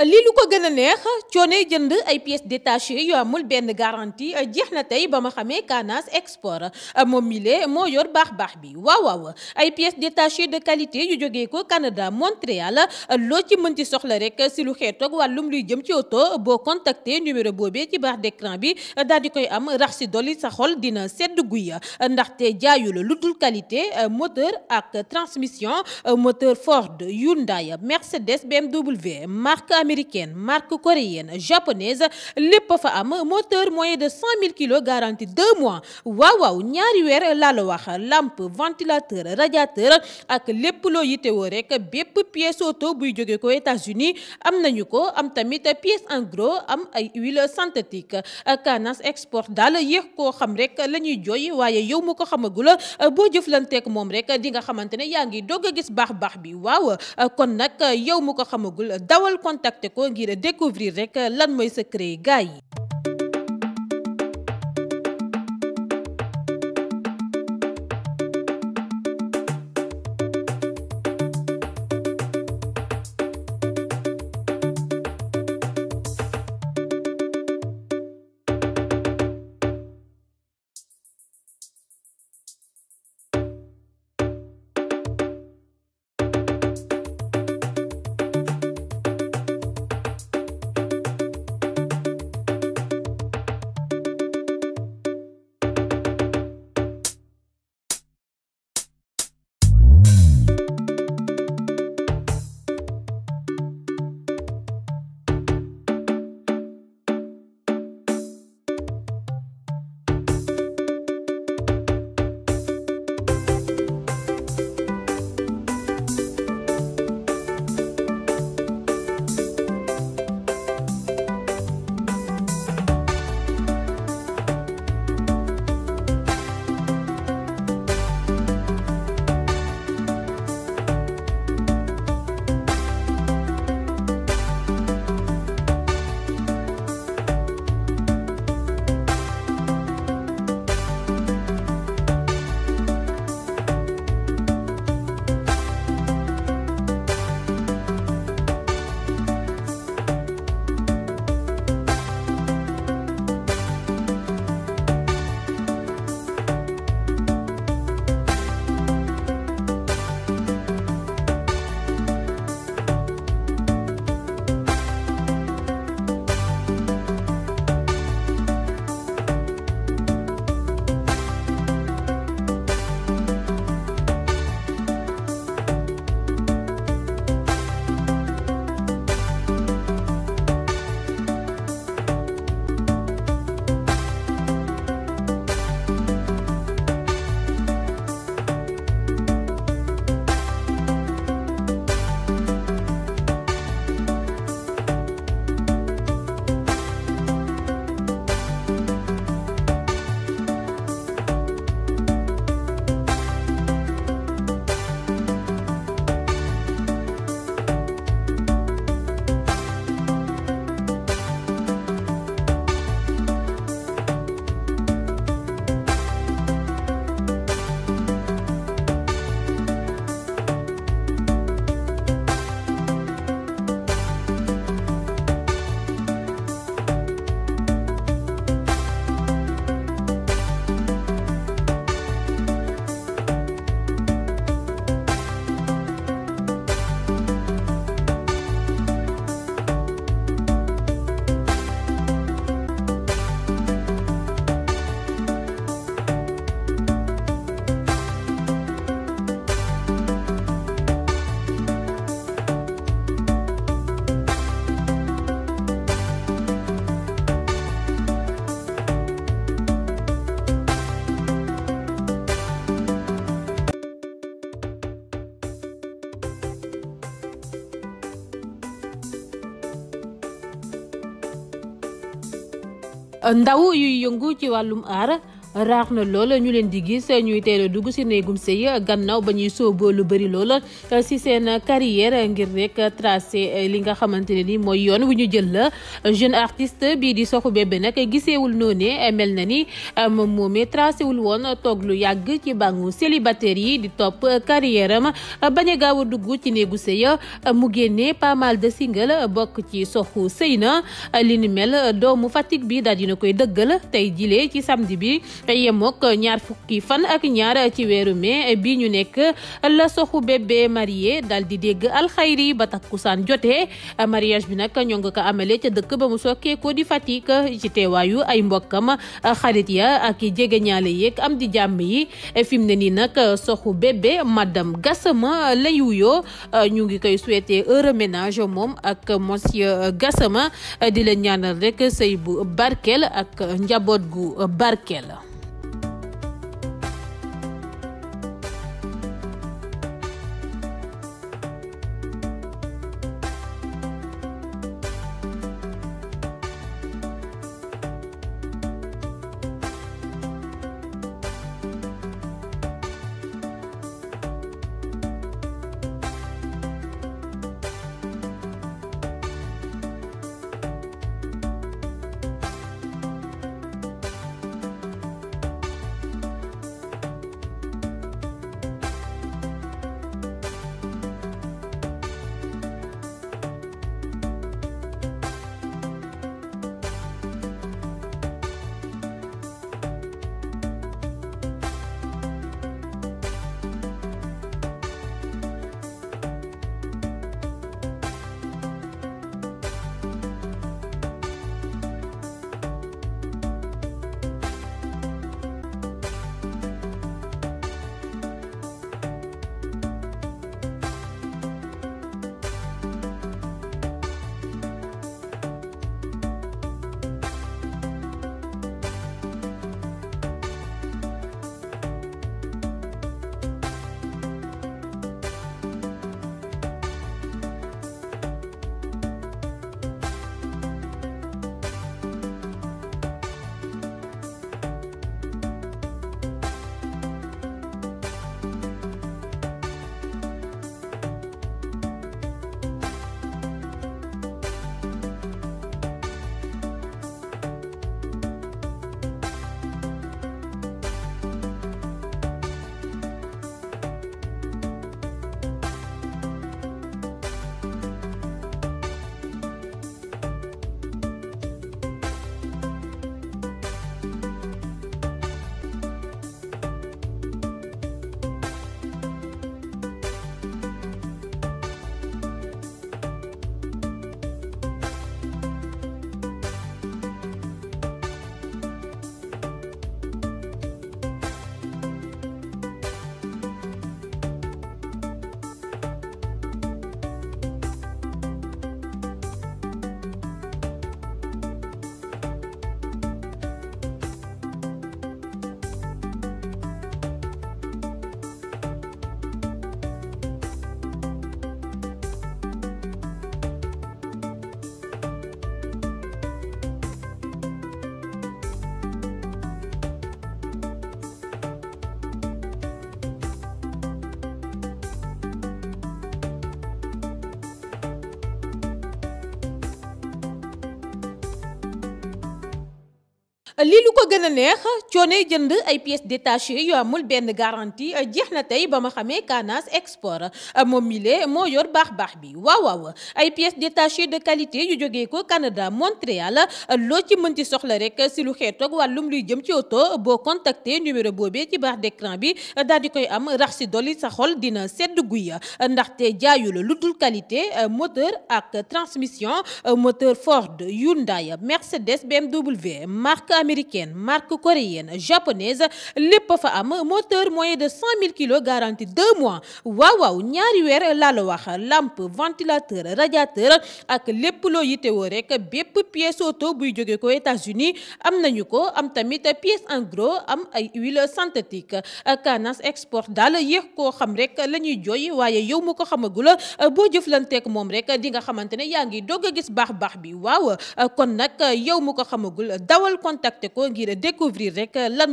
li lu ko gën a neex coone jënd ay pièces détachées yu amul benn garantie jeex na tey ba ma xamee Canas Export moom mile moo yor baax baax bi waaw waaw ay pièces détachées de qualité yu jógee ko Canada Montréal loo ci mën ci soxla rek si lu xeetoog wàllum luy jëm ci oto boo contacter numéro boobee ci barre d'écran bi daal di koy am rax si dolli sa xol dina sedd guy ndaxte jaayula lu dul qualité moteur ak transmission moteur Ford Hyundai Mercedes BMW marque américaine marque coréenne japonaise lépp fa am moteur moyen de 100000 kilos garantie mois waaw waaw ñaari weer laa la wax lampe ventilateur radiateur ak lépp loo yitewoo rek bépp pièce auto buy joge ko États-Unis am nañu ko am tamit pièce en gros am ay huile synthétique Canas Export daal yéex koo xam rek la ñuy jooy waaye yow mu ko xamagula boo jëflanteek moom rek di nga xamante ne yaa ngi dogg a gis baax baax bi waaw kon nag yow mu ko xamagul dawal contact contacter ko ngir découvrir rek lan mooy secret yi gars yi. ndaw yuy yëngu ci wàllum aar raax na lool ñu leen di gis ñuy teel dugg si néegum sëy gannaaw ba ñuy sooboo lu bëri lool si seen carrière ngir rek tracé eh, li nga xamante ne ni mooy yoon wu ñu jël la jeune artiste bii di Sokhou Bébé nag giseewul noonee mel na ni eh, moom moomee tracé wul woon toog lu yàgg ci bàngu célibataire yi di topp carrière ma bañ a gaaw a dugg ci néegu sëy mu génne pas mal de single bokk ci Sokhou sëy na li ni mel doomu Fatick bi daal dina koy dëggal tey jilee ci samdi bi yemook ñaar fukki fan ak ñaar ci weeru mai bi ñu nekk la soxu bébé marié daal di dégg alxayri ba takkusaan jotee mariage bi nag ñoo nga ko amale ca dëkk ba mu sokkee ko di Fatick ci teewaayu ay mbokkam xarit ya ak jege ñaale yeeg am di jàmm yi fi mu ne nii nag soxu bébé madame Gassama lay wuyoo ñu ngi koy souhaiter heureux ménage moom ak monsieur Gassama di leen ñaanal rek sëy bu barkeel ak njaboot gu barkeel lii lu ko gën a neex coone jënd ay pièces détachées yu amul benn garantie jeex na tey ba ma xamee Canas Export moom mile moo yor baax baax bi waaw waaw ay pièces détachées de qualité yu jógee ko Canada Montréal loo ci mën ci soxla rek si lu xeetoog wàllum luy jëm ci oto boo contacter numéro boobee ci baax d'écran bi daal di koy am rax si dolli sa xol dina sedd guy ndaxte jaayula lu dul qualité moteur ak transmission moteur Ford Hyundai Mercedes BMW marque américaine marque coréenne japonaise lépp fa am moteur moyen de 100 000 kilos garantie 2 mois waaw waaw ñaari weer laa la ventilateur radiateur ak lépp loo yitewoo rek bépp pièce auto buy joge ko États-Unis am nañu ko am tamit pièce en gros am ay huile synthétique Canas Export daal yéex koo xam rek lañuy joy jooy waaye yow mu ko xamagula boo jëflanteek moom rek di nga yaa ngi dogg a gis baax baax bi waaw kon nag yow mu ko xamagul dawal contact contacter ko ngir découvrir rek lan.